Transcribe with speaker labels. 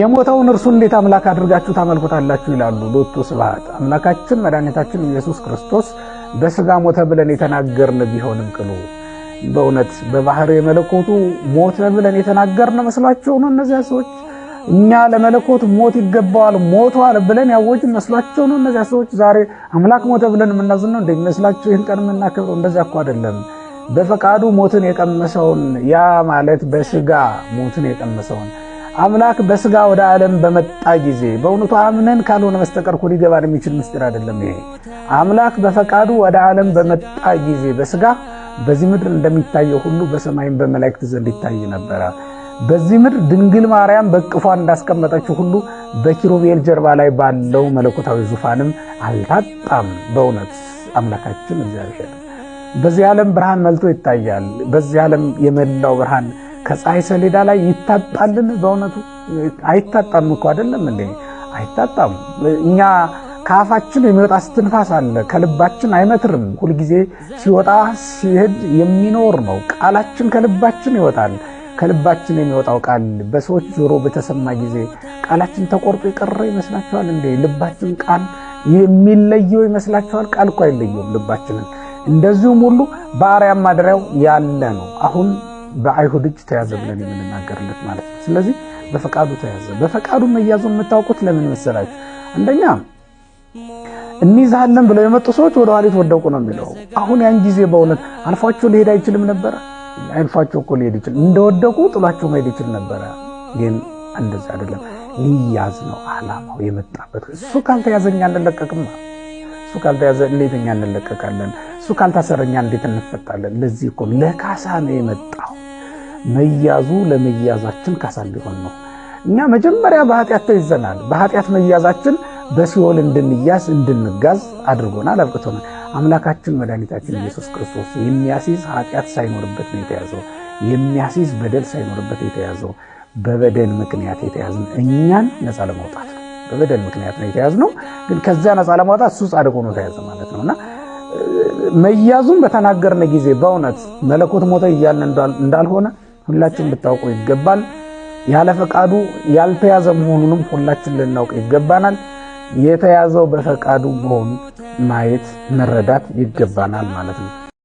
Speaker 1: የሞተውን እርሱ እንዴት አምላክ አድርጋችሁ ታመልኩታላችሁ? ይላሉ ሎቱ ስብሐት። አምላካችን መድኃኒታችን ኢየሱስ ክርስቶስ በሥጋ ሞተ ብለን የተናገርን ቢሆንም ቅሉ በእውነት በባህር የመለኮቱ ሞተ ብለን የተናገርን መስሏቸው ነው እነዚያ ሰዎች። እኛ ለመለኮት ሞት ይገባዋል ሞቷል ብለን ያወጅን መስሏቸው ነው እነዚያ ሰዎች። ዛሬ አምላክ ሞተ ብለን የምናዝን ነው እንደሚመስላቸው ይህን ቀን የምናከብረው እንደዚያ እኮ አይደለም። በፈቃዱ ሞትን የቀመሰውን ያ ማለት በሥጋ ሞትን የቀመሰውን አምላክ በስጋ ወደ ዓለም በመጣ ጊዜ በእውነቱ አምነን ካልሆነ በስተቀር ሊገባ ሊገባን የሚችል ምስጢር አይደለም ይሄ። አምላክ በፈቃዱ ወደ ዓለም በመጣ ጊዜ በስጋ በዚህ ምድር እንደሚታየው ሁሉ በሰማይም በመላእክት ዘንድ ይታይ ነበረ። በዚህ ምድር ድንግል ማርያም በቅፏ እንዳስቀመጠችው ሁሉ በኪሩቤል ጀርባ ላይ ባለው መለኮታዊ ዙፋንም አልታጣም። በእውነት አምላካችን እግዚአብሔር በዚህ ዓለም ብርሃን መልቶ ይታያል። በዚህ ዓለም የመላው ብርሃን ከፀሐይ ሰሌዳ ላይ ይታጣልን? በእውነቱ አይታጣም እኮ አይደለም እንዴ? አይታጣም። እኛ ከአፋችን የሚወጣ ስትንፋስ አለ፣ ከልባችን አይመትርም። ሁልጊዜ ሲወጣ ሲሄድ የሚኖር ነው። ቃላችን ከልባችን ይወጣል። ከልባችን የሚወጣው ቃል በሰዎች ጆሮ በተሰማ ጊዜ ቃላችን ተቆርጦ የቀረ ይመስላችኋል እንዴ? ልባችን ቃል የሚለየው ይመስላችኋል? ቃል እኮ አይለየውም ልባችንን። እንደዚሁም ሁሉ በአርያም ማደሪያው ያለ ነው አሁን በአይሁድ እጅ ተያዘ ብለን የምንናገርለት ማለት ነው። ስለዚህ በፈቃዱ ተያዘ። በፈቃዱ መያዙን የምታውቁት ለምን መሰላችሁ? አንደኛ እንይዛለን ብለው የመጡ ሰዎች ወደ ኋሊት ወደቁ ነው የሚለው። አሁን ያን ጊዜ በእውነት አልፏቸው ሊሄድ አይችልም ነበረ። አልፏቸው እኮ ሊሄድ ይችል እንደወደቁ ጥሏቸው መሄድ ይችል ነበረ። ግን እንደዚህ አይደለም። ሊያዝ ነው አላማው የመጣበት። እሱ ካልተያዘኛ አንለቀቅም። እሱ ካልተያዘ እንዴት እኛ እንለቀቃለን? እሱ ካልታሰረኛ እንዴት እንፈታለን? ለዚህ እኮ ለካሳ ነው የመጣው። መያዙ ለመያዛችን ካሳ እንዲሆን ነው። እኛ መጀመሪያ በኃጢአት ተይዘናል። በኃጢአት መያዛችን በሲኦል እንድንያዝ እንድንጋዝ አድርጎናል፣ አብቅቶናል። አምላካችን መድኃኒታችን ኢየሱስ ክርስቶስ የሚያስይዝ ኃጢአት ሳይኖርበት ነው የተያዘው። የሚያስይዝ በደል ሳይኖርበት የተያዘው። በበደል ምክንያት የተያዝን እኛን ነፃ ለማውጣት ነው። በበደል ምክንያት ነው የተያዝነው፣ ግን ከዚያ ነፃ ለማውጣት እሱ ጻድቅ ሆኖ ተያዘ ማለት ነው እና መያዙን በተናገርን ጊዜ በእውነት መለኮት ሞተ እያልን እንዳልሆነ ሁላችን ልታውቁ ይገባል። ያለ ፈቃዱ ያልተያዘ መሆኑንም ሁላችን ልናውቅ ይገባናል። የተያዘው በፈቃዱ መሆኑ ማየት መረዳት ይገባናል ማለት ነው።